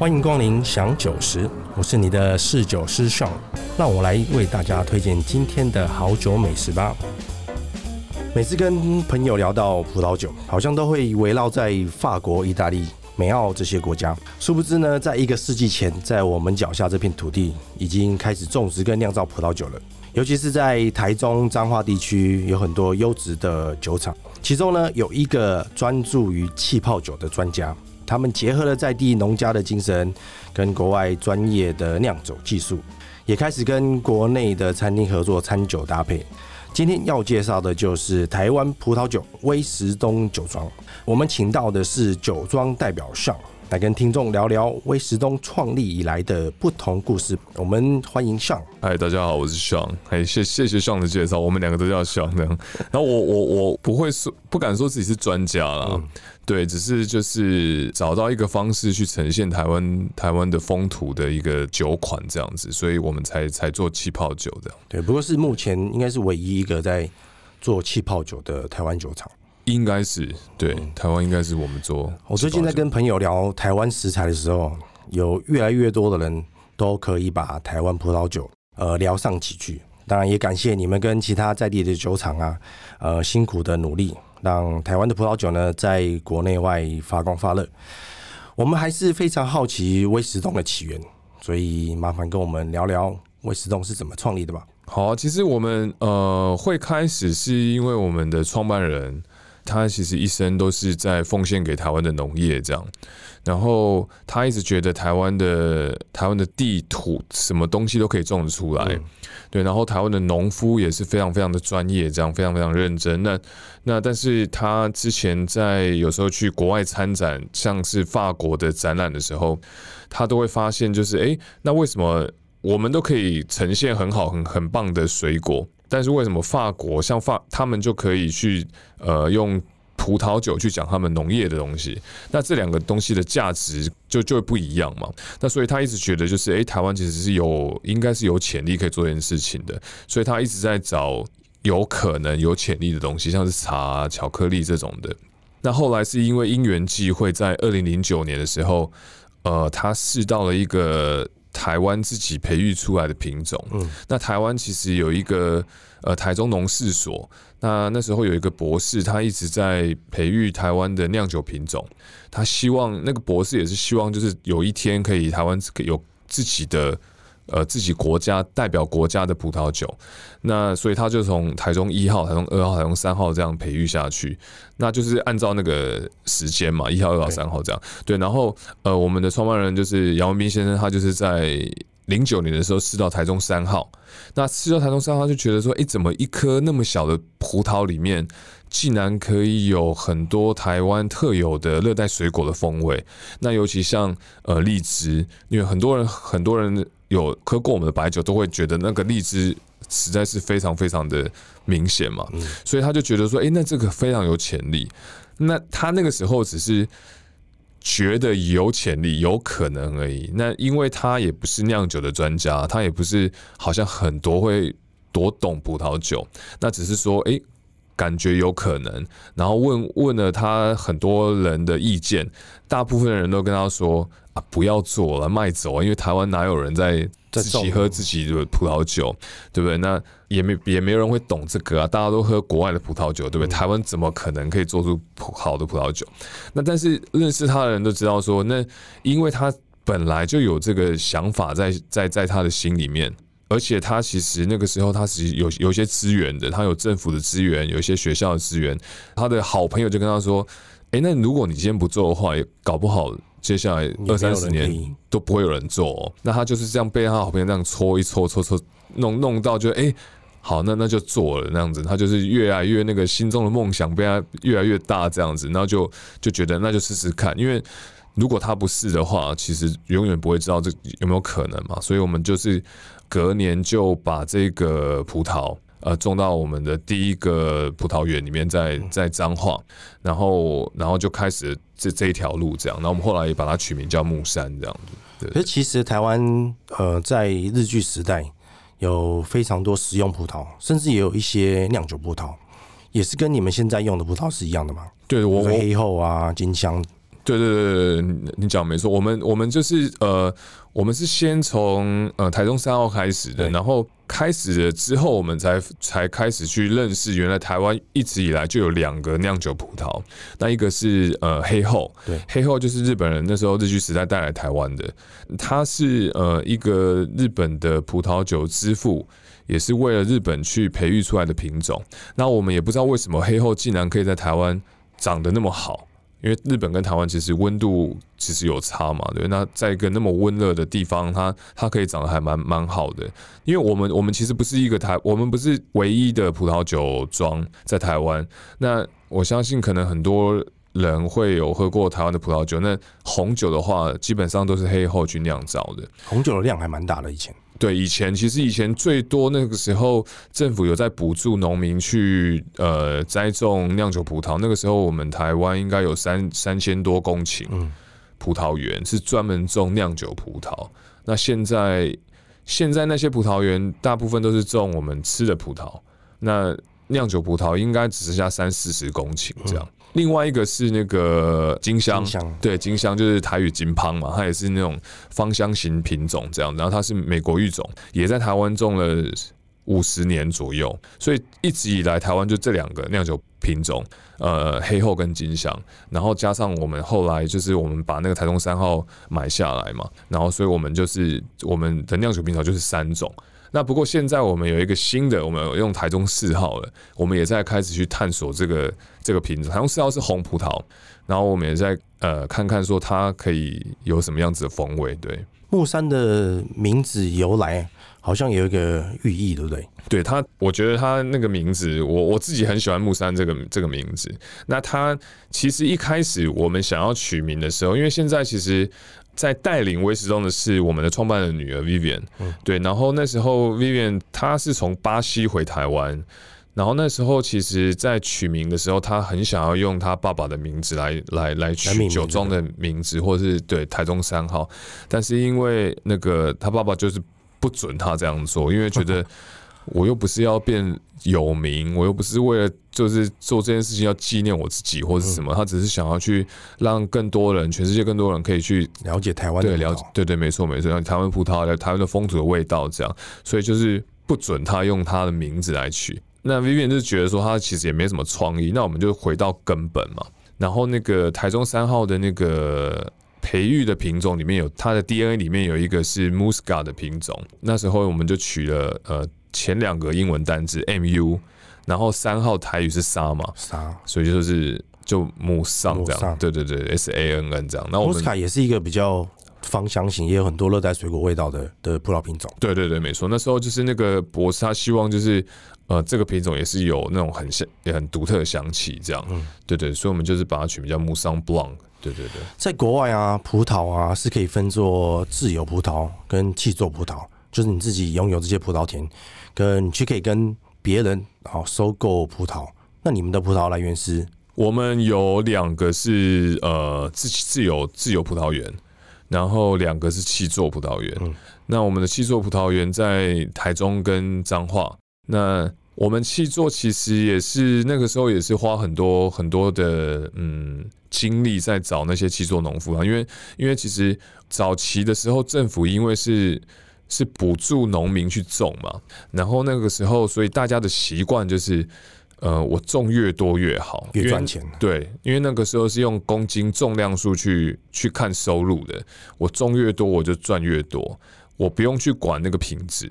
歡迎光臨享酒食。我是你的侍酒師 Sean，讓我來為大家推薦今天的好酒美食吧。每次跟朋友聊到葡萄酒，好像都會圍繞在法國、意大利、美澳這些國家。殊不知呢，在一個世紀前，在我們腳下這片土地已經開始種植跟釀造葡萄酒了。尤其是在台中彰化地區，有很多優質的酒廠，其中呢有一個專注於氣泡酒的專家。他們結合了在地農家的精神，跟國外專業的釀酒技術，也開始跟國內的餐廳合作餐酒搭配。今天要介紹的就是台灣葡萄酒威石東酒莊。我們請到的是酒莊代表 Sean，來跟聽眾聊聊威石東創立以來的不同故事。我們歡迎 Sean。嗨，大家好，我是 Sean。哎，hey，謝謝謝 Sean 的介紹。我們兩個都叫 Sean 的。然後我我我不會說，不敢說自己是專家了。嗯對，只是就是找到一個方式去呈現台灣台灣的風土的一個酒款這樣子，所以我們才才做氣泡酒的。對，不過是目前應該是唯一一個在做氣泡酒的台灣酒廠，應該是對、嗯、台灣應該是我們做。我最近在跟朋友聊台灣食材的時候，有越來越多的人都可以把台灣葡萄酒呃聊上幾句，當然也感謝你們跟其他在地的酒廠啊，呃辛苦的努力。讓台灣的葡萄酒呢，在國內外發光發熱。我們還是非常好奇威石東的起源，所以麻煩跟我們聊聊威石東是怎麼創立的吧。好，其實我們呃會開始是因為我們的創辦人。他其實一生都是在奉獻給台灣的農業這樣，然後他一直覺得台灣的台灣的地土什麼東西都可以種得出來，嗯、對，然後台灣的農夫也是非常非常的專業，這樣非常非常認真。那那但是他之前在有時候去國外參展，像是法國的展覽的時候，他都會發現就是，哎，那為什麼我們都可以呈現很好很很棒的水果？但是為什麼法國像法他們就可以去呃用葡萄酒去講他們農業的東西？那這兩個東西的價值就就不一樣嘛？那所以他一直覺得就是誒、欸，台灣其實是有應該是有潛力可以做這件事情的，所以他一直在找有可能有潛力的東西，像是茶、啊、巧克力這種的。那後來是因為因緣際會，在二零零九年的時候，呃，他試到了一個。台灣自己培育出來的品種，嗯，那台灣其實有一個呃台中農試所，那那時候有一個博士，他一直在培育台灣的釀酒品種，他希望，那個博士也是希望就是有一天可以台灣有自己的。呃，自己國家代表國家的葡萄酒，那所以他就從台中一號、台中二號、台中三號這樣培育下去，那就是按照那個時間嘛，一號、二號、三號這樣。Okay. 對，然後呃，我們的創辦人就是楊文斌先生，他就是在零九年的時候吃到台中三號，那吃到台中三號就覺得說，哎、欸，怎麼一顆那麼小的葡萄裡面，竟然可以有很多台灣特有的熱帶水果的風味？那尤其像呃荔枝，因為很多人很多人。有喝過我們的白酒，都會覺得那個荔枝實在是非常非常的明顯嘛，嗯、所以他就覺得說，哎、欸，那這個非常有潛力。那他那個時候只是覺得有潛力、有可能而已。那因為他也不是釀酒的專家，他也不是好像很多會多懂葡萄酒，那只是說，哎、欸，感覺有可能。然後問問了他很多人的意見，大部分人都跟他說。啊、不要做了，賣走、啊、因為台灣哪有人在自己喝自己的自己對對葡萄酒，對不對？那也沒也沒人會懂這個啊！大家都喝國外的葡萄酒，對不對？嗯、台灣怎麼可能可以做出好的葡萄酒？那但是認識他的人都知道說，說那因為他本來就有這個想法在在在他的心裡面，而且他其實那個時候他是有有一些資源的，他有政府的資源，有一些學校的資源，他的好朋友就跟他說：“誒、欸，那如果你今天不做的話，也搞不好。”接下來二三十年都不會有人做哦，那他就是這樣被他好朋友這樣搓一搓搓搓，弄弄到就哎，好，那那就做了那樣子，他就是越來越那個心中的夢想被他越來越大這樣子，然後就就覺得那就試試看，因為如果他不試的話，其實永遠不會知道這有沒有可能嘛，所以我們就是隔年就把這個葡萄。呃，種到我們的第一個葡萄園裡面在，在在彰化，然後然後就開始這這一條路這樣，然後我們後來也把它取名叫木杉這樣子。對對對，其實台灣呃，在日據時代有非常多食用葡萄，甚至也有一些釀酒葡萄，也是跟你們現在用的葡萄是一樣的嗎？對，我們黑後啊，金香，對對對對對，你講沒錯，我們我們就是呃。我們是先從呃台中三號開始的，對然後開始了之後，我們才才開始去認識。原來台灣一直以來就有兩個釀酒葡萄，那一個是呃黑後，對黑後就是日本人那時候日據時代帶來台灣的，它是呃一個日本的葡萄酒之父，也是為了日本去培育出來的品種。那我們也不知道為什麼黑後竟然可以在台灣長得那麼好。因為日本跟台灣其實溫度其實有差嘛，對，那在一個那麼溫熱的地方，它它可以長得還蠻蠻好的。因為我們我們其實不是一個台，我們不是唯一的葡萄酒莊在台灣。那我相信可能很多人會有喝過台灣的葡萄酒。那紅酒的話，基本上都是黑後去釀造的。紅酒的量還蠻大的，以前。對，以前其實以前最多那個時候，政府有在補助農民去呃栽種釀酒葡萄。那個時候，我們台灣應該有三三千多公頃葡萄園是專門種釀酒葡萄。那現在現在那些葡萄園大部分都是種我們吃的葡萄，那釀酒葡萄應該只剩下三四十公頃這樣。另外一個是那個金香，金香對，金香就是台語金乓嘛，它也是那種芳香型品種這樣。然後它是美國育種，也在台灣種了五十年左右，所以一直以來台灣就這兩個釀酒品種，呃，黑後跟金香。然後加上我們後來就是我們把那個台中三號買下來嘛，然後所以我們就是我們的釀酒品種就是三種。那不過現在我們有一個新的，我們用台中四號了，我們也在開始去探索這個。這個瓶子，好像是要是紅葡萄，然後我們也在呃看看說它可以有什麼樣子的風味。對，木杉的名字由來好像有一個寓意，對不對？對他，我覺得他那個名字，我我自己很喜歡木杉這個這個名字。那他其實一開始我們想要取名的時候，因為現在其實在帶領威石東的是我們的創辦人女兒 Vivian，嗯、對，然後那時候 Vivian 她是從巴西回台灣。然後那時候，其實在取名的時候，他很想要用他爸爸的名字來來來取酒莊的名字，或是，對，台中三號。但是因為那個他爸爸就是不准他這樣做，因為覺得我又不是要變有名，呵呵，我又不是為了就是做這件事情要紀念我自己或是什麼，嗯，他只是想要去讓更多人，全世界更多人可以去了解台灣的，對了解，對對沒錯沒錯，台灣葡萄、台灣的風土的味道這樣。所以就是不准他用他的名字來取。那 Vivian 就是覺得說它其實也沒什麼創意，那我們就回到根本嘛。然後那個台中三號的那個培育的品種裡面有它的 DNA 裡面有一個是 Muska 的品種，那時候我們就取了呃前兩個英文單字 MU，然後三號台語是“沙”嘛，沙，所以就是就 MUSANN 這樣，對對對，S A N N 這樣。那 Muska 也是一個比較。芳香型也有很多熱帶水果味道的的葡萄品種。對對對，沒錯。那時候就是那個博士，他希望就是呃，這個品種也是有那種很也很獨特的香氣這樣。嗯，對，對對。所以我們就是把它取名叫木杉布朗。對對對。在國外啊，葡萄啊是可以分作自有葡萄跟契作葡萄，就是你自己擁有這些葡萄田，跟你去可以跟別人好、哦、收購葡萄。那你們的葡萄來源是？我們有兩個是呃自己自有自有葡萄園。然後兩個是契作葡萄園，嗯、那我們的契作葡萄園在台中跟彰化，那我們契作其實也是那個時候也是花很多很多的嗯精力，在找那些契作農夫啊，因為，因為其實早期的時候政府因為是是補助農民去種嘛，然後那個時候所以大家的習慣就是。呃，我種越多越好，越賺錢。對，因為那個時候是用公斤重量數去去看收入的。我種越多，我就賺越多，我不用去管那個品質，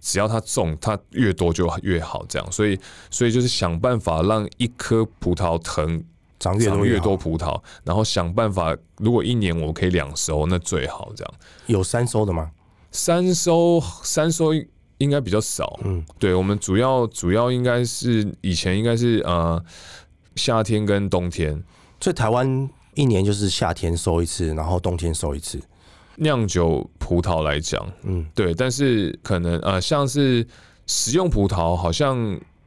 只要它種，它越多就越好。這樣，所以，所以就是想辦法讓一顆葡萄藤長越多越好，長越多葡萄，然後想辦法，如果一年我可以兩收，那最好。這樣有三收的嗎？三收，三收。應該比較少，嗯，對，我們主要主要應該是以前應該是呃夏天跟冬天，所以台灣一年就是夏天收一次，然後冬天收一次。釀酒葡萄來講，嗯，對，但是可能呃像是食用葡萄，好像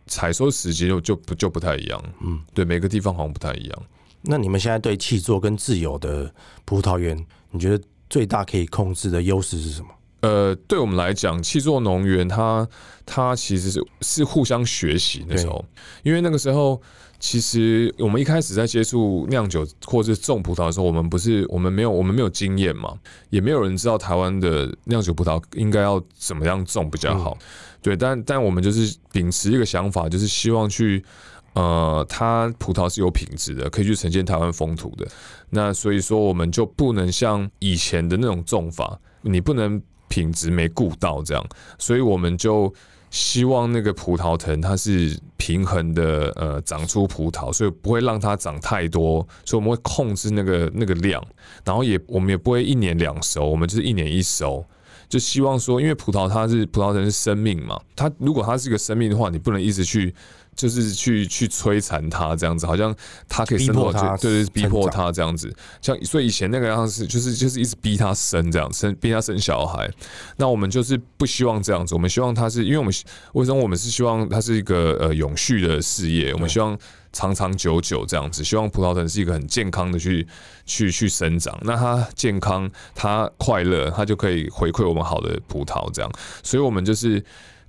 採收時間就就不就不太一樣，嗯，對，每個地方好像不太一樣。那你們現在對契作跟自有的葡萄園，你覺得最大可以控制的優勢是什麼？呃，對我們來講，契作農園，它它其實是是互相學習的那時候，對因為那個時候，其實我們一開始在接觸釀酒或者是種葡萄的時候，我們不是我們沒有我們沒有經驗嘛，也沒有人知道台灣的釀酒葡萄應該要怎麼樣種比較好。嗯、對，但但我們就是秉持一個想法，就是希望去呃，它葡萄是有品質的，可以去呈現台灣風土的。那所以說，我們就不能像以前的那種種法，你不能。品質沒顧到這樣，所以我們就希望那個葡萄藤它是平衡的，呃，長出葡萄，所以不會讓它長太多，所以我們會控制那個那個量，然後也我們也不會一年兩熟。我們就是一年一熟，就希望說，因為葡萄它是葡萄藤是生命嘛，它如果它是一個生命的話，你不能一直去。就是去去摧殘他這樣子，好像他可以生，逼迫他生對，對，逼迫他這樣子。像所以以前那個樣子，就是就是一直逼他生這樣生，逼他生小孩。那我們就是不希望這樣子，我們希望他是因為我們為什麼我們是希望他是一個呃永續的事業，對我們希望長長久久這樣子，希望葡萄藤是一個很健康的去去去生長。那他健康，他快樂，他就可以回饋我們好的葡萄這樣。所以我們就是。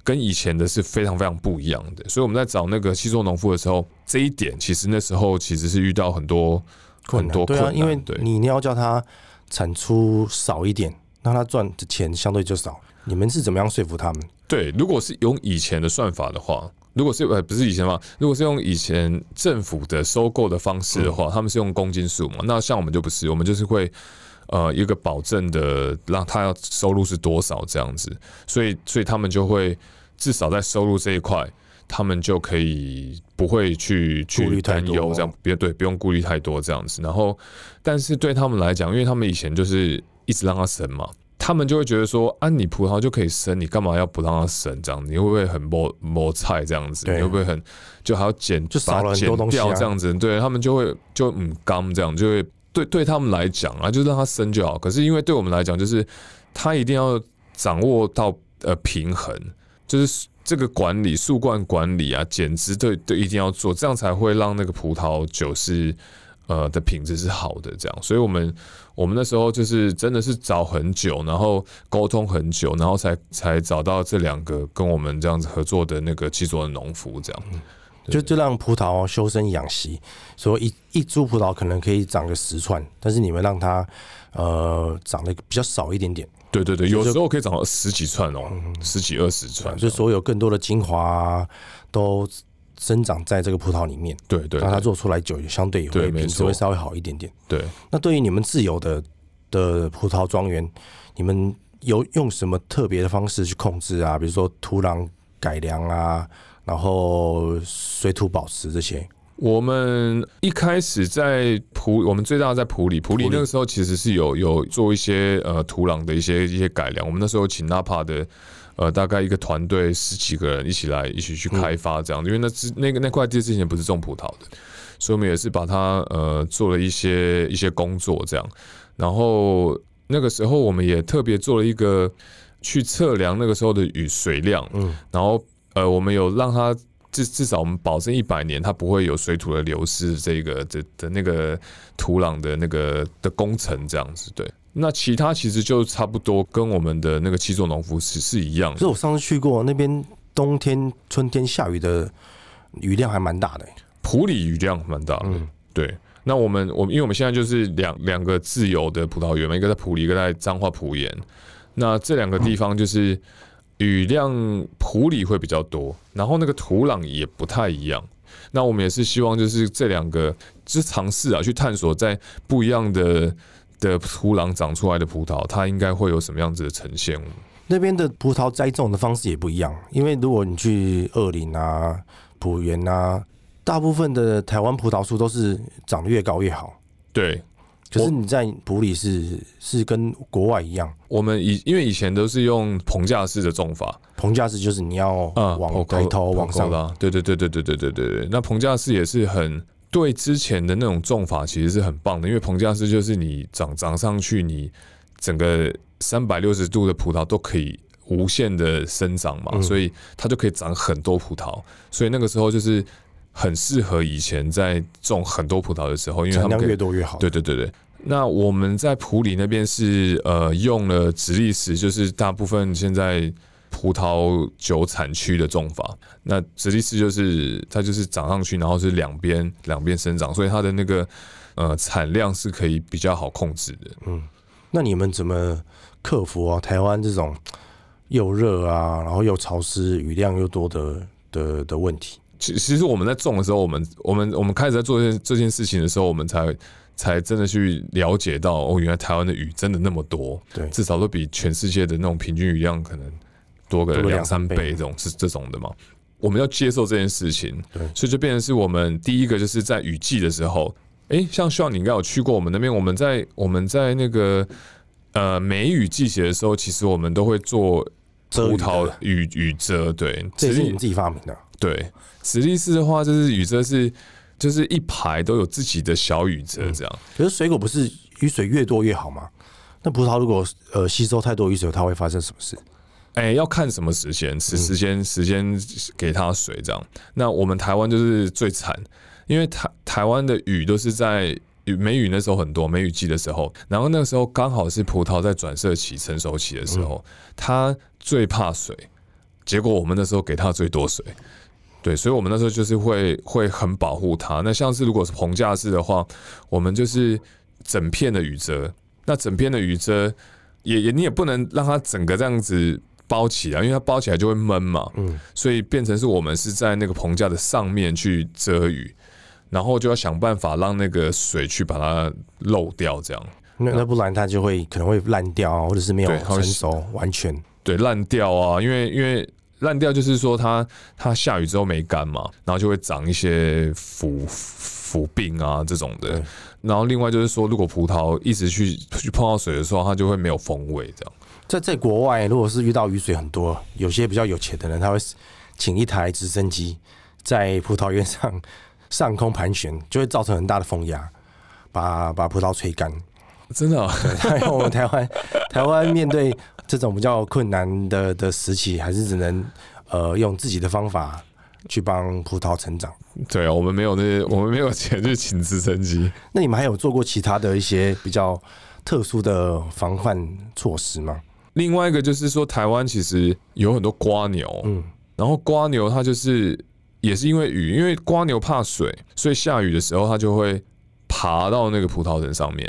跟以前的是非常非常不一樣的，所以我們在找那個契作農夫的時候，這一點其實那時候其實是遇到很多困難，很多困難，對啊、對，因為你你要叫他產出少一點，那他賺的錢相對就少。你們是怎麼樣說服他們？對，如果是用以前的算法的話，如果是呃不是以前嘛，如果是用以前政府的收購的方式的話，嗯、他們是用公斤數嘛，那像我們就不是，我們就是會。呃，一個保證的，讓他要收入是多少這樣子，所以，所以他們就會至少在收入這一塊，他們就可以不會去去擔憂這樣，別對，不用顧慮太多這樣子。然後，但是對他們來講，因為他們以前就是一直讓他生嘛，他們就會覺得說，啊，你葡萄就可以生，你幹嘛要不讓他生這樣？你會不會很摸摸菜這樣子？你會不會很，對會不會很就還要剪就把、啊、剪掉這樣子？對他們就會就嗯剛這樣就會。對，對他們來講啊，就是、讓他生就好。可是因為對我們來講，就是他一定要掌握到呃平衡，就是這個管理、樹冠管理啊，剪枝都對一定要做，這樣才會讓那個葡萄酒是呃的品質是好的。這樣，所以我們我們那時候就是真的是找很久，然後溝通很久，然後才才找到這兩個跟我們這樣子合作的那個契作的農夫這樣。嗯就就讓葡萄修身養息，所以一,一株葡萄可能可以長個十串，但是你們讓它，呃，長得比較少一點點。對對對，就是、有時候可以長十幾串哦、喔，嗯、十幾二十串，就所,所有更多的精華、啊、都生長在這個葡萄裡面。對,對對，讓它做出來酒也相對也會對，品質會稍微好一點點。對。那對於你們自有的的葡萄莊園，你們有用什麼特別的方式去控制啊？比如說土壤改良啊？然後水土保持這些，我們一開始在埔，我們最大的在埔里，埔里那個時候其實是有有做一些呃土壤的一些一些改良。我們那時候請納帕的呃大概一個團隊十幾個人一起來一起去開發這樣，嗯、因為那只那個那塊地之前不是種葡萄的，所以我們也是把它呃做了一些一些工作這樣。然後那個時候我們也特別做了一個去測量那個時候的雨水量，嗯，然後。呃，我們有讓它至至少我們保證一百年，它不會有水土的流失，這個這的那個土壤的那個的工程這樣子，對。那其他其實就差不多，跟我們的那個七座農夫是是一樣的。所以我上次去過那邊，冬天，春天下雨的雨量還蠻大的，欸，埔里雨量蠻大的。嗯，對。那我們我們因為我們現在就是兩兩個自由的葡萄園，一個在埔里，一個在彰化埔鹽。那這兩個地方就是。嗯雨量埔里會比較多，然後那個土壤也不太一樣。那我們也是希望，就是這兩個，就是嘗試啊，去探索在不一樣的的土壤長出來的葡萄，它應該會有什麼樣子的呈現。那邊的葡萄栽種的方式也不一樣，因為如果你去二林啊、浦園啊，大部分的台灣葡萄樹都是長得越高越好。對。可是你在埔里是是跟國外一樣？我們以因為以前都是用棚架式的種法，棚架式就是你要往抬頭往後拉。對對對對對對對對對。那棚架式也是很對之前的那種種法，其實是很棒的，因為棚架式就是你長長上去，你整個三百六十度的葡萄都可以無限的生長嘛，所以它就可以長很多葡萄。所以那個時候就是很適合以前在種很多葡萄的時候，因為產量越多越好。對對對對。那我們在埔里那邊是呃用了直立式，就是大部分現在葡萄酒產區的種法。那直立式就是它就是長上去，然後是兩邊兩邊生長，所以它的那個呃產量是可以比較好控制的。嗯，那你們怎麼克服啊？台灣這種又熱啊，然後又潮濕、雨量又多的的的問題？其其實我們在種的時候，我們我們我們開始在做這這件事情的時候，我們才。才真的去了解到哦，原來台灣的雨真的那麼多，對，至少都比全世界的那種平均雨量可能多個兩三倍，嗯、這種是這種的嘛。我們要接受這件事情，對所以就變成是我們第一個就是在雨季的時候，哎、欸，像 Sean 你應該有去過我們那邊，我們在我們在那個呃梅雨季節的時候，其實我們都會做遮雨雨遮，對，這是你們自己發明的？啊，對，史立斯的話就是雨遮是，就是一排都有自己的小雨遮，這樣、嗯。可是水果不是雨水越多越好嗎？那葡萄如果呃吸收太多雨水，它會發生什麼事？哎、欸，要看什麼時間，時、嗯、時間時間給它水，這樣。那我們台灣就是最慘，因為台台灣的雨都是在梅雨、雨那時候很多，梅雨季的時候，然後那個時候剛好是葡萄在轉色期、成熟期的時候，嗯、它最怕水。結果我們那時候給它最多水。對，所以，我們那時候就是會會很保護它。那像是如果是棚架式的話，我們就是整片的雨遮。那整片的雨遮也也你也不能讓它整個這樣子包起來，因為它包起來就會悶嘛。嗯，所以變成是我們是在那個棚架的上面去遮雨，然後就要想辦法讓那個水去把它漏掉，這樣。那那不然它就會、啊、可能會爛掉啊，或者是沒有對成熟完全，對，爛掉啊，因為因為。爛掉就是說它，它它下雨之後沒乾嘛，然後就會長一些腐腐病啊這種的。然後另外就是說，如果葡萄一直去去碰到水的時候，它就會沒有風味這樣。在在國外，如果是遇到雨水很多，有些比較有錢的人，他會請一台直升機在葡萄園上上空盤旋，就會造成很大的風壓，把把葡萄吹乾。真的、啊， 因為我們台灣台灣面對這種比較困難的的時期，還是只能呃用自己的方法去幫葡萄成長。對，我們沒有那些，我們沒有錢去請直升機。 那你們還有做過其他的一些比較特殊的防範措施嗎？另外一個就是說，台灣其實有很多蝸牛，嗯，然後蝸牛它就是也是因為雨，因為蝸牛怕水，所以下雨的時候它就會爬到那個葡萄藤上面。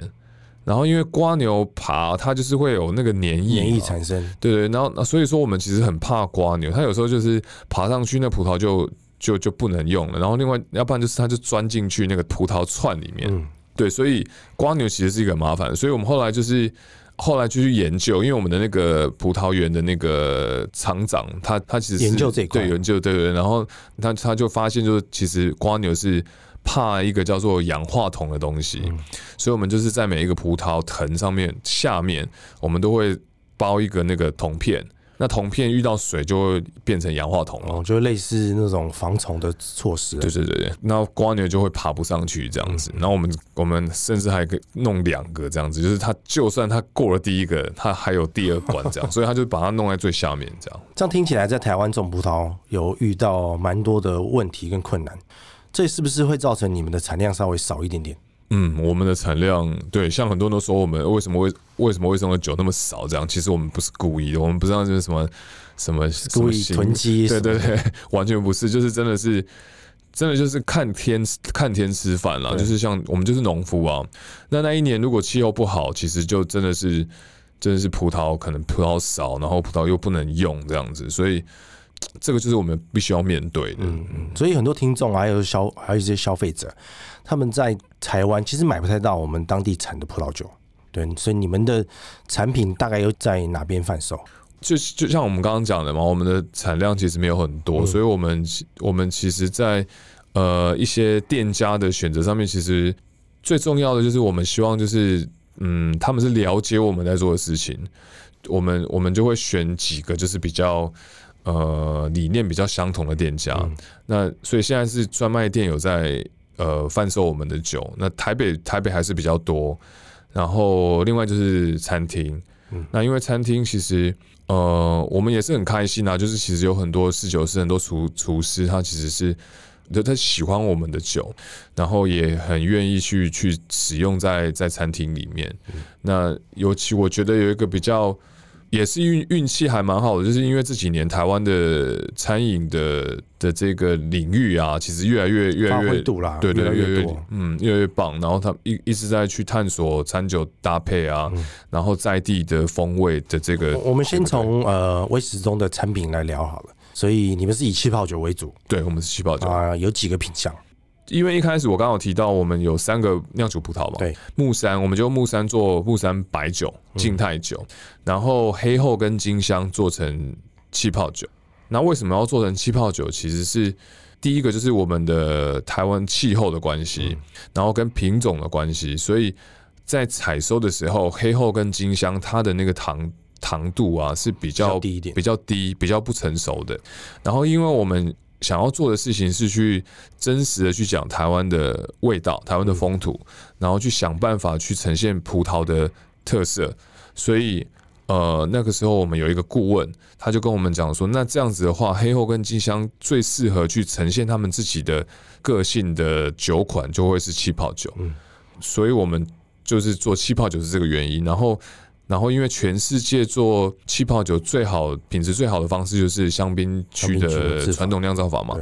然後因為蝸牛爬，它就是會有那個黏液，黏液產生，對對。然後所以說我們其實很怕蝸牛，它有時候就是爬上去，那葡萄就就就不能用了。然後另外，要不然就是它就鑽進去那個葡萄串裡面，對。所以蝸牛其實是一個麻煩。所以我們後來就是後來就去研究，因為我們的那個葡萄園的那個廠長，他他其實是對研究，這一研究對對，對。然後他他就發現，就是其實蝸牛是。怕一個叫做氧化銅的東西，嗯、所以我們就是在每一個葡萄藤上面、下面，我們都會包一個那個銅片。那銅片遇到水就會變成氧化銅，哦，就類似那種防蟲的措施。對對對對，那蝸牛就會爬不上去這樣子。嗯、然後我們我們甚至還可以弄兩個這樣子，就是它就算它過了第一個，它還有第二關這樣， 所以他就把它弄在最下面這樣。這樣聽起來，在台灣種葡萄有遇到蠻多的問題跟困難。這是不是會造成你們的產量稍微少一點點？嗯，我們的產量，對，像很多人都說我們為什麼為為什麼為什麼酒那麼少？這樣，其實我們不是故意的，我們不知道就是什麼什麼故意什麼囤積，對對對，完全不是，就是真的是真的就是看天看天吃飯了，對就是像我們就是農夫啊。那那一年如果氣候不好，其實就真的是真的是葡萄可能葡萄少，然後葡萄又不能用這樣子，所以。這個就是我們必須要面對的，嗯，嗯，所以很多聽眾還有消還有一些消費者，他們在台灣其實買不太到我們當地產的葡萄酒，對，所以你們的產品大概又在哪邊販售？就就像我們剛剛講的嘛，我們的產量其實沒有很多，嗯，所以我們我們其實在呃一些店家的選擇上面，其實最重要的就是我們希望就是嗯他們是了解我們在做的事情，我們我們就會選幾個就是比較。呃，理念比較相同的店家，嗯、那所以現在是專賣店有在呃販售我們的酒。那台北台北還是比較多，然後另外就是餐廳。嗯、那因為餐廳其實呃，我們也是很開心啊，就是其實有很多侍酒師、很多廚廚師，他其實是，就他喜歡我們的酒，然後也很願意去去使用在在餐廳裡面。嗯、那尤其我覺得有一個比較。也是運運氣還蠻好的，就是因為這幾年台灣的餐飲的的這個領域啊，其實越來越越來越，發揮度啦對，對對，越來越，越來越多，嗯，越來越棒。然後他一一直在去探索餐酒搭配啊，嗯、然後在地的風味的這個。我們先從 Okay 呃威石東的產品來聊好了，所以你們是以氣泡酒為主，對，我們是氣泡酒啊、呃，有幾個品項。因為一開始我剛好提到我們有三個釀酒葡萄嘛，木對杉，我們就木杉做木杉白酒、靜態酒，嗯、然後黑後跟金香做成氣泡酒。那為什麼要做成氣泡酒？其實是第一個就是我們的台灣氣候的關係，嗯、然後跟品種的關係。所以在採收的時候，黑後跟金香它的那個糖糖度啊是比較比較低，比較不成熟的。嗯、然後因為我們。想要做的事情是去真實的去講台灣的味道，台灣的風土，然後去想辦法去呈現葡萄的特色。所以，呃，那個時候我們有一個顧問，他就跟我們講說，那這樣子的話，黑後跟金香最適合去呈現他們自己的個性的酒款，就會是氣泡酒。所以我們就是做氣泡酒是這個原因，然後。然後，因為全世界做氣泡酒最好品質最好的方式就是香檳區的傳統釀造法嘛，法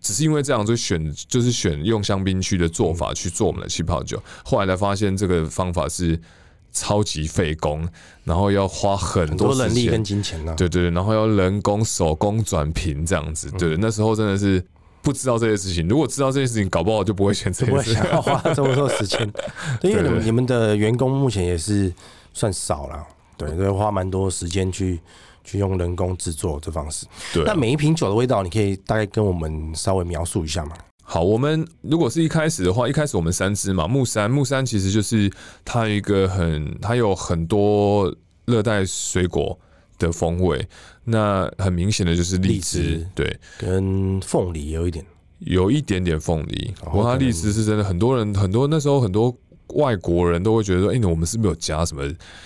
只是因為這樣就選就是選用香檳區的做法去做我們的氣泡酒。嗯、後來才發現這個方法是超級費工，然後要花很多人力跟金錢啊，對對，然後要人工手工轉瓶這樣子，對，嗯、那時候真的是不知道這些事情。如果知道這些事情，搞不好就不會選這些事情，要花這麼多時間。因為你們你們的員工目前也是。算少了，對，因為花蠻多時間去去用人工製作這方式。對，那每一瓶酒的味道，你可以大概跟我們稍微描述一下嗎？好，我們如果是一開始的話，一開始我們三支嘛，木杉，木杉其實就是它一個很，它有很多熱帶水果的風味，那很明顯的就是荔枝，對，跟鳳梨有一點，有一點點鳳梨，然後它荔枝是真的很，很多人很多那時候很多。外國人都會覺得說：“哎、欸，我們是不是有加什麼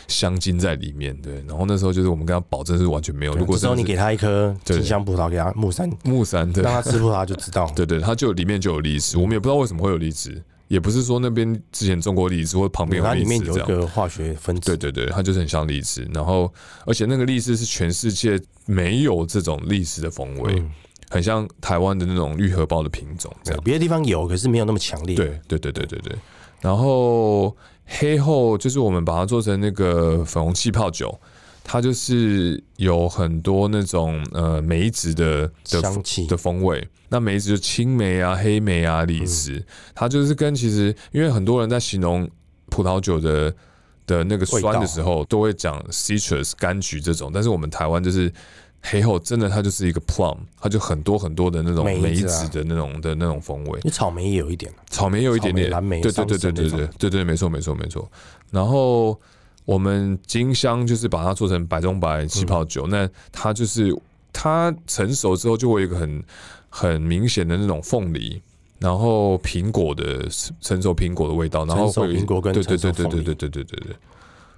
香精在裡面？”對，然後那時候就是我們跟他保證是完全沒有。對如果這你給他一顆金香葡萄，給他木杉對木杉，對讓他吃葡萄他就知道。對，對對，他就裡面就有荔枝，我們也不知道為什麼會有荔枝，也不是說那邊之前種過荔枝或旁邊有荔枝這樣，它裡面有個化學分子，對對對，它就是很像荔枝。然後，而且那個荔枝是全世界沒有這種荔枝的風味，嗯、很像台灣的那種玉荷包的品種這樣，別的地方有，可是沒有那麼強烈。對對對對對對。然後黑後就是我們把它做成那個粉紅氣泡酒，它就是有很多那種呃梅子的的香氣的風味。那梅子就青梅啊、黑梅啊、李子，嗯、它就是跟其實因為很多人在形容葡萄酒的的那個酸的時候，啊、都會講 citrus、柑橘這種，但是我們台灣就是黑後，嘿真的它就是一個 plum，它就很多很多的那種梅子的那種，、啊、那種的那種風味。你草莓也有一點、啊，草莓有一點點莓藍莓的，對對對對對對對對，沒錯沒錯沒錯。然後我們金香就是把它做成白中白氣泡酒，嗯、那它就是它成熟之後就會有一個很很明顯的那種鳳梨。然後蘋果的成熟蘋果的味道，然後會有蘋果跟對對對對對對對對，對，對，對，對，對，對，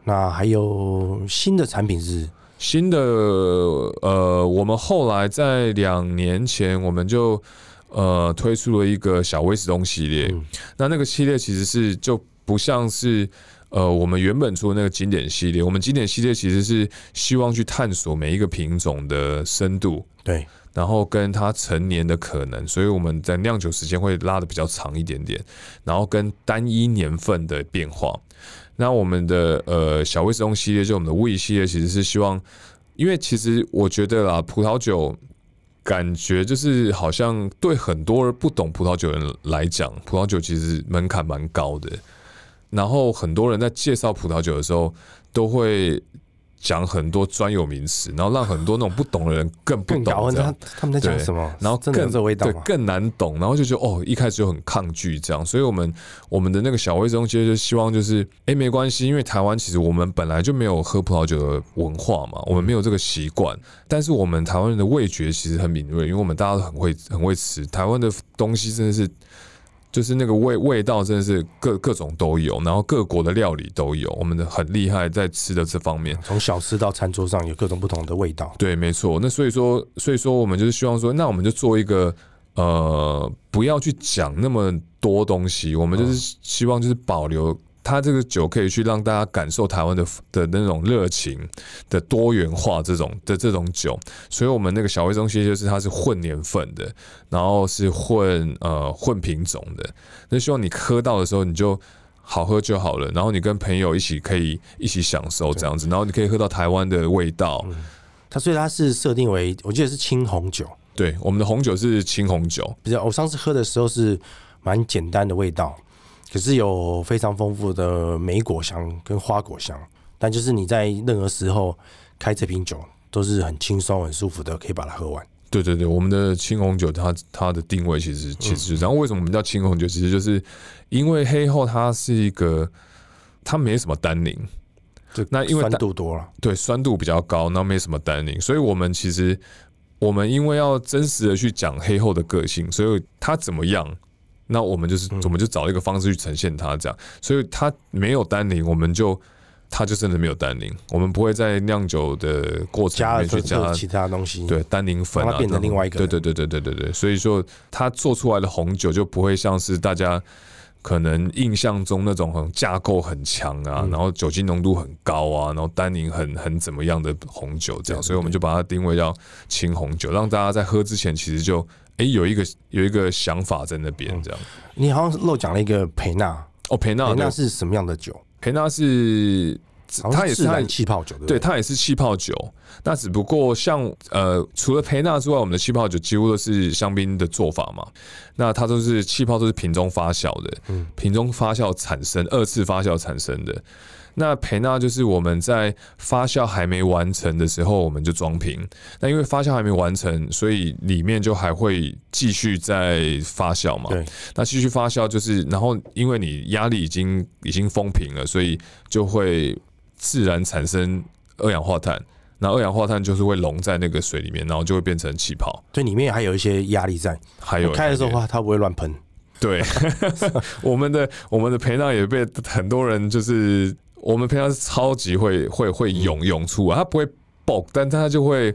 那還有新的產品是新的呃，我們後來在兩年前我們就呃推出了一個小威石東系列。嗯、那那個系列其實是就不像是呃我們原本出的那個經典系列，我們經典系列其實是希望去探索每一個品種的深度。對。然後跟它陳年的可能，所以我們在釀酒時間會拉得比較長一點點。然後跟單一年份的變化，那我們的呃小威石東系列就我們的烏以系列，其實是希望，因為其實我覺得啦，葡萄酒感覺就是好像對很多人不懂葡萄酒人來講，葡萄酒其實門檻蠻高的。然後很多人在介紹葡萄酒的時候都會。講很多專有名詞，然後讓很多那種不懂的人更不懂更人，他他們在講什麼？然後更這味道，對，更難懂。然後就覺得哦，一開始就很抗拒這樣。所以我們我們的那個小味生，其實就希望就是，哎、欸，沒關係，因為台灣其實我們本來就沒有喝葡萄酒的文化嘛，我們沒有這個習慣。嗯、但是我們台灣人的味覺其實很敏銳，因為我們大家都很會很會吃。台灣的東西真的是。就是那個味味道，真的是各各種都有，然後各國的料理都有，我們的很厲害在吃的這方面，從小吃到餐桌上有各種不同的味道。對，沒錯。那所以說，所以說我們就是希望說，那我們就做一個呃，不要去講那麼多東西，我們就是希望就是保留。它這個酒可以去讓大家感受台灣的的那種熱情的多元化這種的這種酒，所以我們那個威石東就是它是混年份的，然後是混呃混品種的。那希望你喝到的時候，你就好喝就好了，然後你跟朋友一起可以一起享受這樣子，然後你可以喝到台灣的味道，嗯。它所以它是設定為，我記得是青紅酒。對，我們的紅酒是青紅酒。比較，我上次喝的時候是蠻簡單的味道。可是有非常豐富的莓果香跟花果香，但就是你在任何時候開這瓶酒都是很輕鬆、很舒服的，可以把它喝完。對對對，我們的青紅酒它它的定位其實其實、就是，嗯、然後為什麼我們叫青紅酒，其實就是因為黑後它是一個它沒什麼單寧，對，那因為酸度多了，對酸度比較高，那沒什麼單寧，所以我們其實我們因為要真實的去講黑後的個性，所以它怎麼樣？那我們就是，我們就找一個方式去呈現它，這樣，所以它沒有單寧，我們就它就真的沒有單寧，我們不會在釀酒的過程裡面去加其他東西，對，單寧粉啊，對對對對對對對，對，所以說它做出來的紅酒就不會像是大家可能印象中那種很架構很強啊，然後酒精濃度很高啊，然後單寧很很怎麼樣的紅酒這樣，所以我們就把它定位叫輕紅酒，讓大家在喝之前其實就。哎、欸，有一個有一個想法在那邊這樣，嗯。你好像漏講了一個裴納。哦，裴納。那是什麼樣的酒？裴納是，它也是它氣泡酒對對。對，它也是氣泡酒。那只不過像呃，除了裴納之外，我們的氣泡酒幾乎都是香檳的做法嘛。那它都是氣泡都是瓶中發酵的，嗯，瓶中發酵產生，二次發酵產生的。那培納就是我們在發酵還沒完成的時候，我們就裝瓶。那因為發酵還沒完成，所以裡面就還會繼續在發酵嘛。對。那繼續發酵就是，然後因為你壓力已經已經封瓶了，所以就會自然產生二氧化碳。那二氧化碳就是會溶在那個水裡面，然後就會變成氣泡。對，裡面還有一些壓力在。還有開的時候的話，它不會亂噴。對 我，我們的我們的培納也被很多人就是。我們平常是超級會會會湧湧出來，它不會爆，但它就會，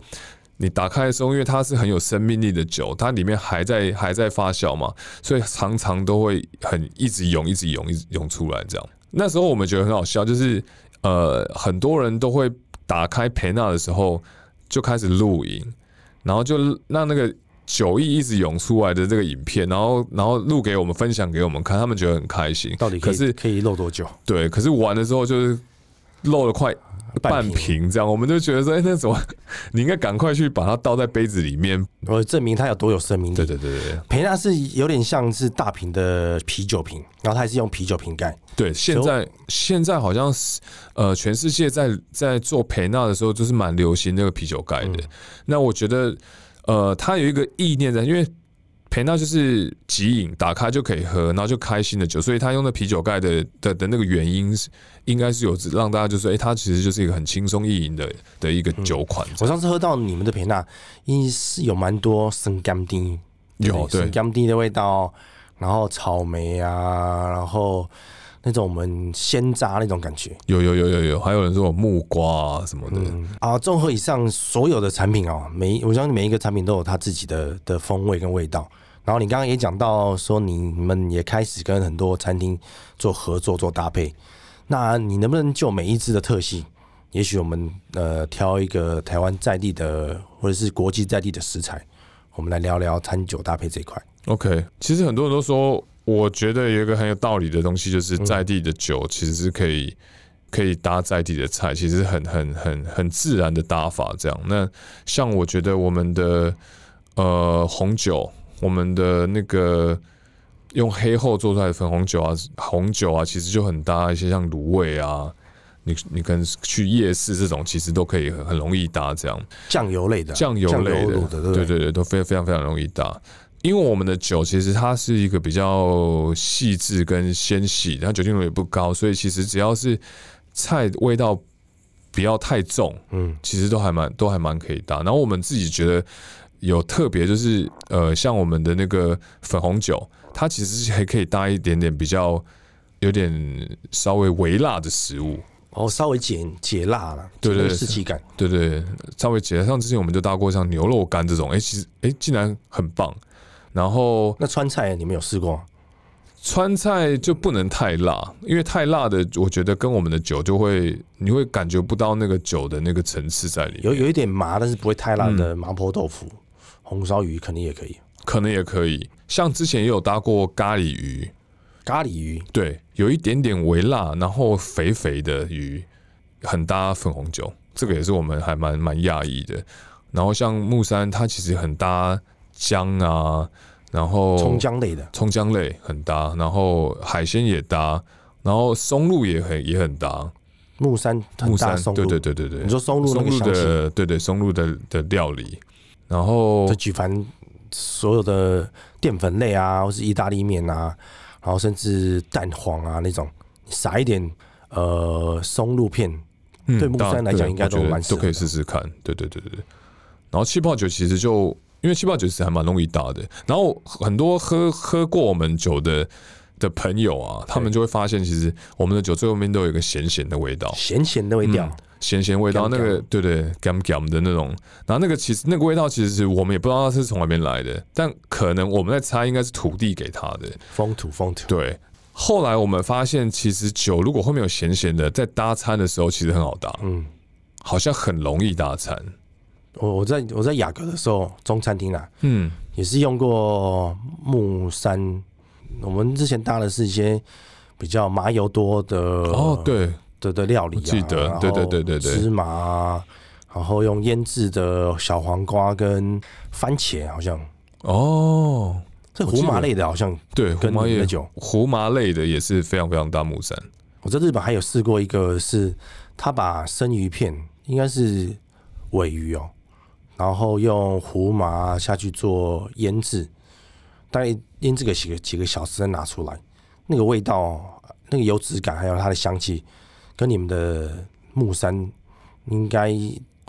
你打開的時候，因為它是很有生命力的酒，它裡面還在還在發酵嘛，所以常常都會很一直湧一直湧一直湧出來這樣。那時候我們覺得很好笑，就是呃很多人都會打開培納的時候就開始露營，然後就讓那，那個。酒意一直湧出來的這個影片，然後然後錄給我們，分享給我們看，他們覺得很開心。到底可以，可是可以漏多久？對，可是玩的時候就是漏了快半瓶這樣，我們就覺得說：“哎、欸，那怎麼你應該趕快去把它倒在杯子裡面，我證明它有多有生命力。”對對對對，培納是有點像是大瓶的啤酒瓶，然後它還是用啤酒瓶蓋。對，現在所以現在好像是呃，全世界在在做培娜的時候，就是蠻流行那個啤酒蓋的。嗯、那我覺得。呃，它有一個意念在，因為培納就是即飲，打開就可以喝，然後就開心的酒，所以他用的啤酒蓋的的的那個原因是，應該是有讓大家就說，哎、欸，它其實就是一個很輕鬆易飲的的一個酒款。嗯、樣我上次喝到你們的培納，因為是有蠻多生甘丁，有對對生甘丁的味道，然後草莓啊，然後。那種我們鮮榨那種感覺，有有有有有，還有人說有木瓜啊什麼的啊。嗯呃、綜合，以上所有的產品哦，每我相信每一個產品都有它自己的的風味跟味道。然後你剛剛也講到說，你們也開始跟很多餐廳做合作做搭配。那你能不能就每一支的特性，也許我們呃挑一個台灣在地的或者是國際在地的食材，我們來聊聊餐酒搭配這一塊？OK，其實很多人都說，我覺得有一個很有道理的東西，就是在地的酒其實是可以可以搭在地的菜，其實很很很很自然的搭法這樣。那像我覺得我們的呃紅酒，我們的那個用黑後做出來的粉紅酒啊，紅酒啊，其實就很搭一些像滷味啊，你你跟去夜市這種，其實都可以很，很容易搭這樣。醬油類的，醬油類的，的對，對，對對對，都非非常非常容易搭。因為我們的酒其實它是一個比較細緻跟纖細，然後酒精度也不高，所以其實只要是菜味道不要太重，嗯，其實都還蠻都還蠻可以搭。然後我們自己覺得有特別就是呃，像我們的那個粉紅酒，它其實還可以搭一點點比較有點稍微微辣的食物，哦，稍微解解辣了，對，對對，刺激感，對，對對，稍微解辣。像之前我們就搭過像牛肉乾這種，哎、欸，其實哎、欸，竟然很棒。然後，那川菜你們有試過？川菜就不能太辣，因為太辣的，我覺得跟我們的酒就會，你會感覺不到那個酒的那個層次在裡面。有有一點麻，但是不會太辣的麻婆豆腐、嗯、紅燒魚肯定也可以，可能也可以。像之前也有搭過咖喱魚，咖喱魚對，有一點點微辣，然後肥肥的魚很搭粉紅酒，這個也是我們還蠻蠻訝異的。然後像木杉，它其實很搭。薑啊，然後蔥薑類的，蔥薑類很搭，然後海鮮也搭，然後松露也很也很搭，木杉木杉松露山，對對對對對，你說松露松露的對對，對松露的的料理，然後這幾盤所有的澱粉類啊，或是意大利麵啊，然後甚至蛋黃啊那種，撒一點呃松露片，嗯、對木杉來講應該都蠻都可以試試看，對對對對對，然後氣泡酒其實就。因為七八九十還蠻容易搭的，然後很多喝喝過我們酒的的朋友啊，對他們就會發現，其實我們的酒最後面都有一個鹹鹹的味道，鹹鹹的味道，鹹鹹、嗯、味道，鹹鹹那個對對，gam gam 的那種，然後那個其實那個味道，其實是我們也不知道它是從哪邊來的，但可能我們在猜應該是土地給它的風，風土風土。對，後來我們發現，其實酒如果後面有鹹鹹的，在搭餐的時候其實很好搭，嗯，好像很容易搭餐。我我在我在雅閣的時候，中餐廳啊，嗯，也是用過木杉。我們之前搭的是一些比較麻油多的哦，對的的料理啊。記得，對對對對對。芝麻，然後用醃制的小黃瓜跟番茄好像。哦，這胡麻類的好像對胡麻酒，胡麻類的也是非常非常搭木杉。我在日本還有試過一個是他把生魚片，應該是尾魚哦。然後用胡麻下去做醃製，大概醃製個幾個幾個小時再拿出來，那個味道、那個油脂感還有它的香氣，跟你們的木杉應該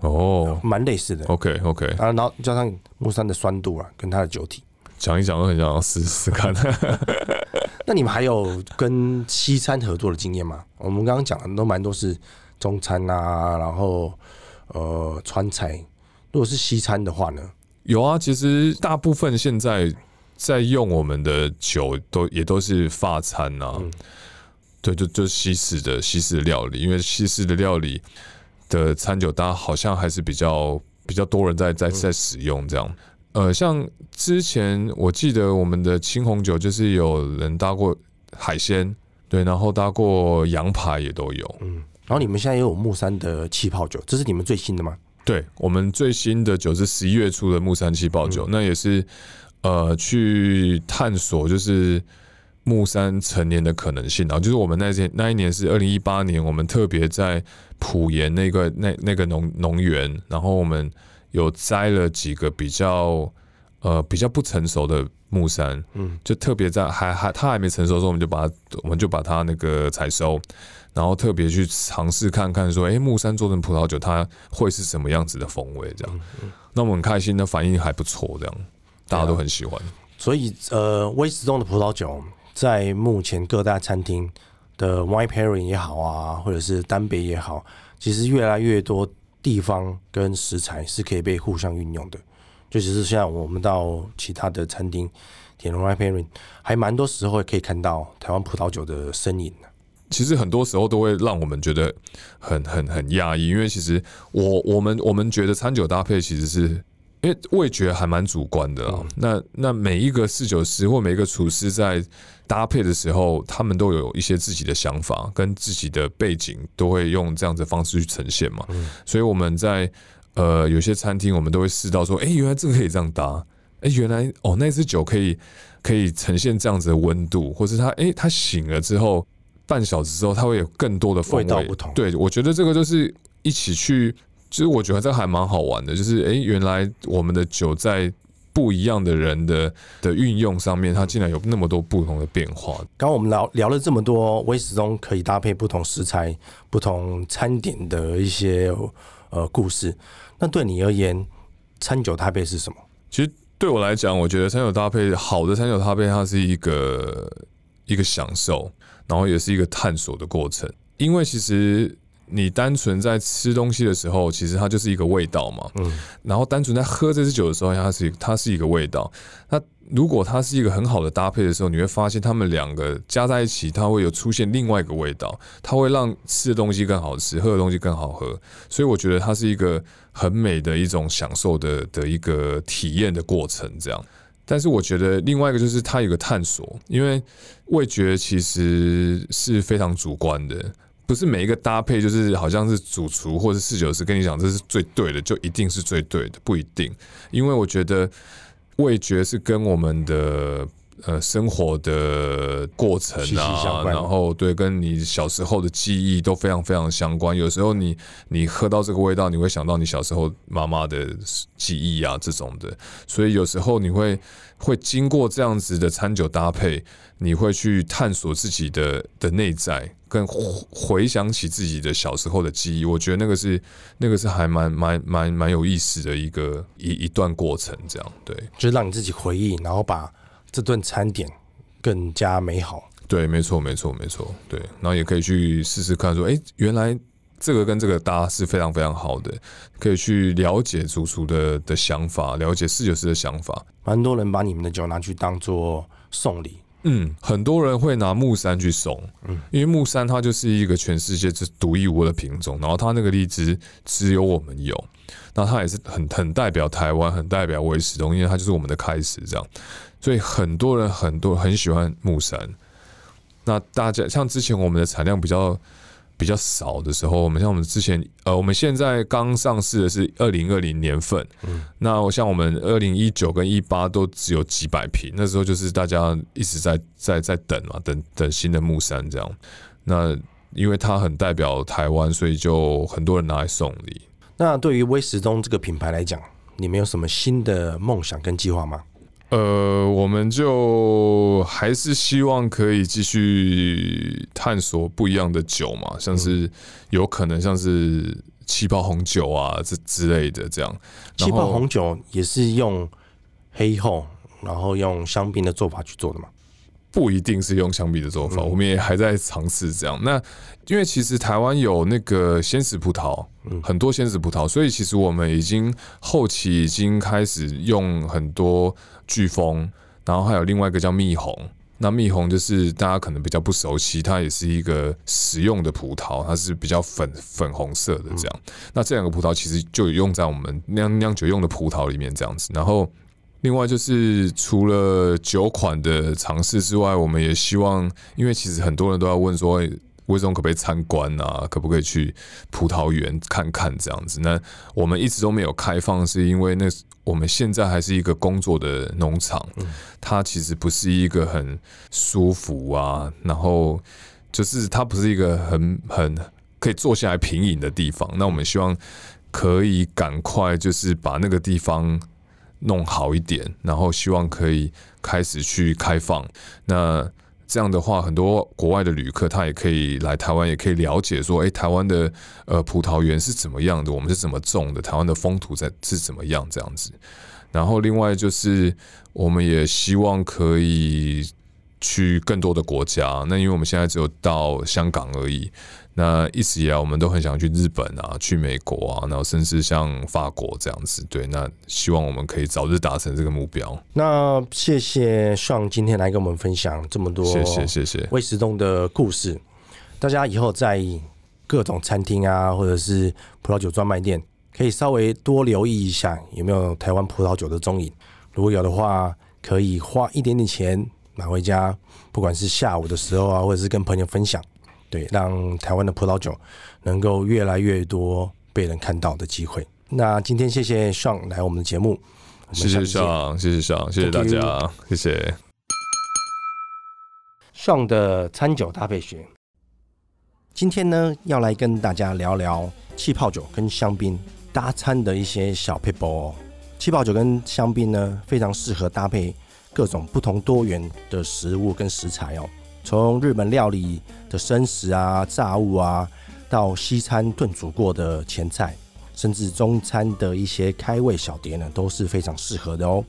哦蠻類似的。Oh, OK OK 啊，然後加上木杉的酸度啊，跟它的酒體，講一講都很想要試試看。 那你們還有跟西餐合作的經驗嗎？我們剛剛講的都蠻多是中餐啊，然後呃川菜。如果是西餐的話呢？有啊，其實大部分現在在用我們的酒都也都是法餐啊，嗯、對，就就西式的西式的料理，因為西式的料理的餐酒搭好像還是比較比較多人在在在使用這樣。嗯、呃，像之前我記得我們的青紅酒就是有人搭過海鮮，對，然後搭過羊排也都有，嗯，然後你們現在也有木杉的氣泡酒，這是你們最新的嗎？對，我們最新的酒是十一月初的木杉氣泡酒，嗯、那也是呃去探索，就是木杉成年的可能性，然後就是我們那些，那一年是二零一八年，我們特別在埔鹽那個那那個農農園，然後我們有摘了幾個比較呃比較不成熟的。木山，嗯，就特別在還還它還沒成熟的時候，我們就把它我們就把它那個採收，然後特別去嘗試看看，說，哎、欸，木杉做成葡萄酒，它會是什麼樣子的風味？這樣，那我們很開心，的，反應還不錯，這樣大家都很喜歡。啊、所以，呃，威石東的葡萄酒在目前各大餐廳的 wine pairing 也好啊，或者是單杯也好，其實越來越多地方跟食材是可以被互相運用的。就只是像我們到其他的餐廳，鐵龍拉皮人，還蠻多時候可以看到台灣葡萄酒的身影的。其實很多時候都會讓我們覺得很很很訝異，因為其實我我們我們覺得餐酒搭配其實是因為味覺還蠻主觀的。嗯、那那每一個侍酒師或每一個廚師在搭配的時候，他們都有一些自己的想法跟自己的背景，都會用這樣子的方式去呈現嘛。嗯、所以我們在。呃，有些餐廳我們都會試到說，哎、欸，原來這個可以這樣搭，哎、欸，原來哦，那支酒可以可以呈現這樣子的溫度，或是它，哎、欸，它醒了之後，半小時之後，它會有更多的味道。不同。對，我覺得這個就是一起去，其實我覺得這個還蠻好玩的，就是哎、欸，原來我們的酒在不一樣的人的的運用上面，它竟然有那麼多不同的變化。剛剛我們聊聊了這麼多，威石東可以搭配不同食材、不同餐點的一些。呃，故事。那對你而言，餐酒搭配是什麼？其實對我來講，我覺得餐酒搭配，好的餐酒搭配，它是一個一個享受，然後也是一個探索的過程，因為其實。你單純在吃東西的時候，其實它就是一個味道嘛。嗯，然後單純在喝這支酒的時候，它是它是一個味道。那如果它是一個很好的搭配的時候，你會發現它們兩個加在一起，它會有出現另外一個味道，它會讓吃的東西更好吃，喝的東西更好喝。所以我覺得它是一個很美的一種享受的的一個體驗的過程。這樣，但是我覺得另外一個就是它有一個探索，因為味覺其實是非常主觀的。不是每一個搭配，就是好像是主廚或是侍酒師跟你講，這是最對的，就一定是最對的，不一定，因為我覺得味覺是跟我們的。呃，生活的過程啊，息息相關的。然後對，跟你小時候的記憶都非常非常相關。有時候你你喝到這個味道，你會想到你小時候媽媽的記憶啊，這種的。所以有時候你會會經過這樣子的餐酒搭配，你會去探索自己的的內在，跟回想起自己的小時候的記憶。我覺得那個是那個是還蠻蠻蠻蠻有意思的一個一一段過程。這樣對，就是讓你自己回憶，然後把。這頓餐點更加美好。對，沒錯，沒錯，沒錯，對。然後也可以去試試看，說，哎，原來這個跟這個搭是非常非常好的，可以去了解主廚的的想法，了解侍酒師的想法。蠻多人把你們的酒拿去當做送禮。嗯，很多人會拿木杉去送。嗯，因為木杉它就是一個全世界是獨一無二的品種，然後它那個荔枝只有我們有。那它也是很很代表台灣，很代表威石東。因為它就是我們的開始，這樣，所以很多人很多人很喜歡木杉。那大家像之前我們的產量比較比較少的時候，我們像我們之前呃，我們現在剛上市的是二零二零年份，嗯，那我像我們二零一九跟一八都只有幾百瓶，那時候就是大家一直在在在，在等嘛，等等新的木杉這樣。那因為它很代表台灣，所以就很多人拿來送禮。那對於威石東這個品牌來講，你們有什麼新的夢想跟計劃嗎？呃，我們就還是希望可以繼續探索不一樣的酒嘛，像是有可能像是氣泡紅酒啊這之類的這樣。氣泡紅酒也是用黑後，然後用香檳的做法去做的嘛。不一定是用橡皮的做法，嗯、我們也還在嘗試這樣。那因為其實台灣有那個鮮食葡萄，嗯、很多鮮食葡萄，所以其實我們已經後期已經開始用很多巨峰，然後還有另外一個叫蜜紅。那蜜紅就是大家可能比較不熟悉，它也是一個食用的葡萄，它是比較粉粉紅色的這樣。嗯、那這兩個葡萄其實就用在我們釀釀酒用的葡萄裡面這樣子，然後。另外就是除了酒款的嘗試之外，我們也希望，因為其實很多人都在問說，魏總，可不可以參觀啊，可不可以去葡萄園看看這樣子？那我們一直都沒有開放，是因為那我們現在還是一個工作的農場，嗯、它其實不是一個很舒服啊，然後就是它不是一個很很可以坐下來品飲的地方。那我們希望可以趕快就是把那個地方。弄好一點，然後希望可以開始去開放。那這樣的話，很多國外的旅客他也可以來台灣，也可以了解說，哎，台灣的呃葡萄園是怎麼樣的，我們是怎麼種的，台灣的風土在是，是怎麼樣這樣子。然後另外就是，我們也希望可以去更多的國家。那因為我們現在只有到香港而已。那一直以來，我們都很想去日本啊，去美國啊，然後甚至像法國這樣子，對，那希望我們可以早日達成這個目標。那謝謝 Sean 今天來跟我們分享這麼多，謝謝謝謝威石東的故事。謝謝謝謝大家以後在各種餐廳啊，或者是葡萄酒專賣店，可以稍微多留意一下有沒有台灣葡萄酒的蹤影。如果有的話，可以花一點點錢買回家，不管是下午的時候啊，或者是跟朋友分享。對，讓台灣的葡萄酒能夠越來越多被人看到的機會。那今天謝謝 Sean 來我們的節目，謝謝 Sean，謝謝 Sean，謝謝大家，Thank you. 謝謝 Sean 的餐酒搭配學。今天呢，要來跟大家聊聊氣泡酒跟香檳搭餐的一些小撇步哦。氣泡酒跟香檳呢，非常適合搭配各種不同多元的食物跟食材哦。從日本料理的生食啊、炸物啊，到西餐燉煮過的前菜，甚至中餐的一些開胃小碟呢，都是非常適合的哦。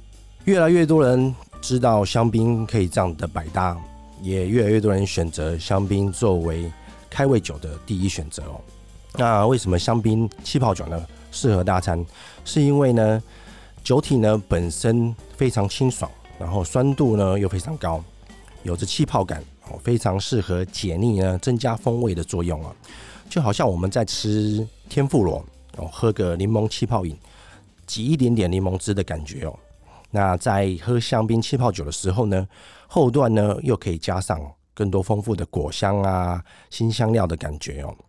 越來越多人知道香檳可以這樣的百搭，也越來越多人選擇香檳作為開胃酒的第一選擇哦。那為什麼香檳氣泡酒呢適合大餐？是因為呢，酒體呢本身非常清爽，然後酸度呢又非常高，有着氣泡感。哦，非常適合解膩呢，增加風味的作用啊，就好像我們在吃天婦羅，哦，喝個檸檬氣泡飲，擠一點點檸檬汁的感覺哦、喔。那在喝香檳氣泡酒的時候呢，後段呢又可以加上更多豐富的果香啊、辛香料的感覺哦、喔。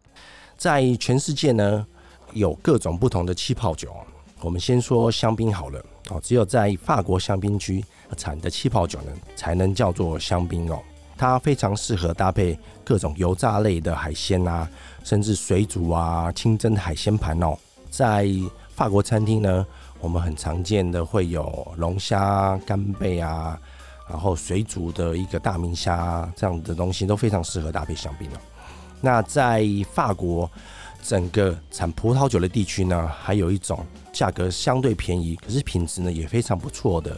在全世界呢，有各種不同的氣泡酒，我們先說香檳好了哦。只有在法國香檳區產的氣泡酒呢，才能叫做香檳哦、喔。它非常適合搭配各種油炸類的海鮮啊，甚至水煮啊、清蒸海鮮盤哦。在法國餐廳呢，我們很常見的會有龍蝦、干貝啊，然後水煮的一個大明蝦這樣的東西都非常適合搭配香檳哦。那在法國整個產葡萄酒的地區呢，還有一種價格相對便宜，可是品質呢也非常不錯的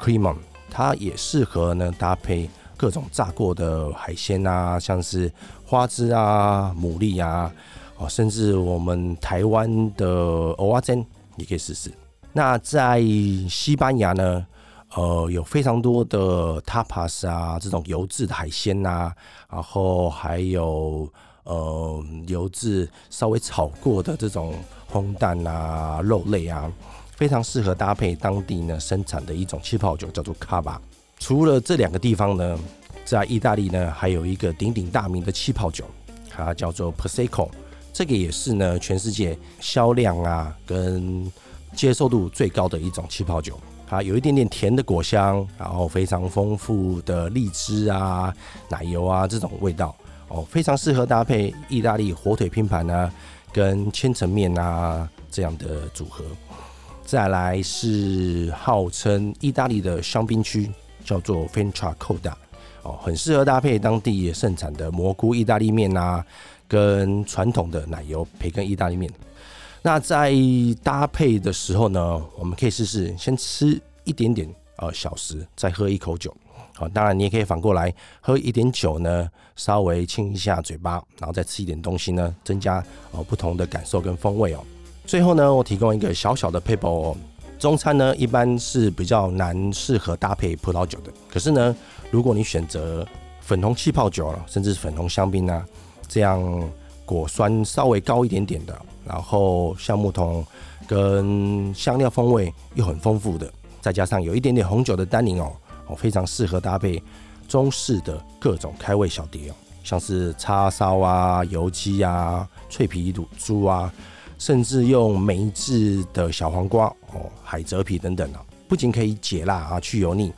Crémant，它也適合呢搭配。各種炸過的海鮮啊，像是花枝啊、牡蠣啊，哦、呃，甚至我們台灣的蚵仔煎，也可以試試。那在西班牙呢，呃，有非常多的 tapas 啊，這種油漬的海鮮啊，然後還有呃油漬稍微炒過的這種烘蛋啊、肉類啊，非常適合搭配當地呢生產的一種氣泡酒，叫做 Cava 除了這兩個地方呢，在意大利呢，還有一個鼎鼎大名的氣泡酒，它叫做 Prosecco，這個也是呢，全世界銷量啊跟接受度最高的一種氣泡酒。它有一點點甜的果香，然後非常豐富的荔枝啊、奶油啊這種味道哦，非常適合搭配意大利火腿拼盤啊、跟千層麵啊這樣的組合。再來是號稱意大利的香檳區。叫做 Finca Coda，哦，很適合搭配當地也盛產的蘑菇意大利麵吶、啊，跟傳統的奶油培根意大利麵。那在搭配的時候呢，我們可以試試先吃一點點呃小食，再喝一口酒，好、哦，當然你也可以反過來喝一點酒呢，稍微清一下嘴巴，然後再吃一點東西呢，增加呃不同的感受跟風味哦。最後呢，我提供一個小小的撇步中餐呢，一般是比較難適合搭配葡萄酒的。可是呢，如果你選擇粉紅氣泡酒，甚至粉紅香檳啊，這樣果酸稍微高一點點的，然後橡木桶跟香料風味又很豐富的，再加上有一點點紅酒的單寧哦，非常適合搭配中式的各種開胃小碟，像是叉燒啊、油雞啊、脆皮乳豬啊，甚至用梅漬的小黃瓜。哦、海蜇皮等等、哦、不僅可以解辣啊去油膩，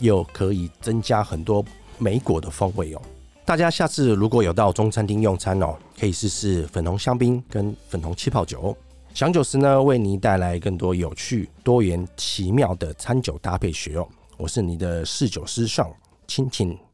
又可以增加很多莓果的風味哦。大家下次如果有到中餐廳用餐哦，可以試試粉紅香檳跟粉紅氣泡酒、哦。享酒師呢，為你帶來更多有趣、多元、奇妙的餐酒搭配學哦。我是你的侍酒師尚青青。清清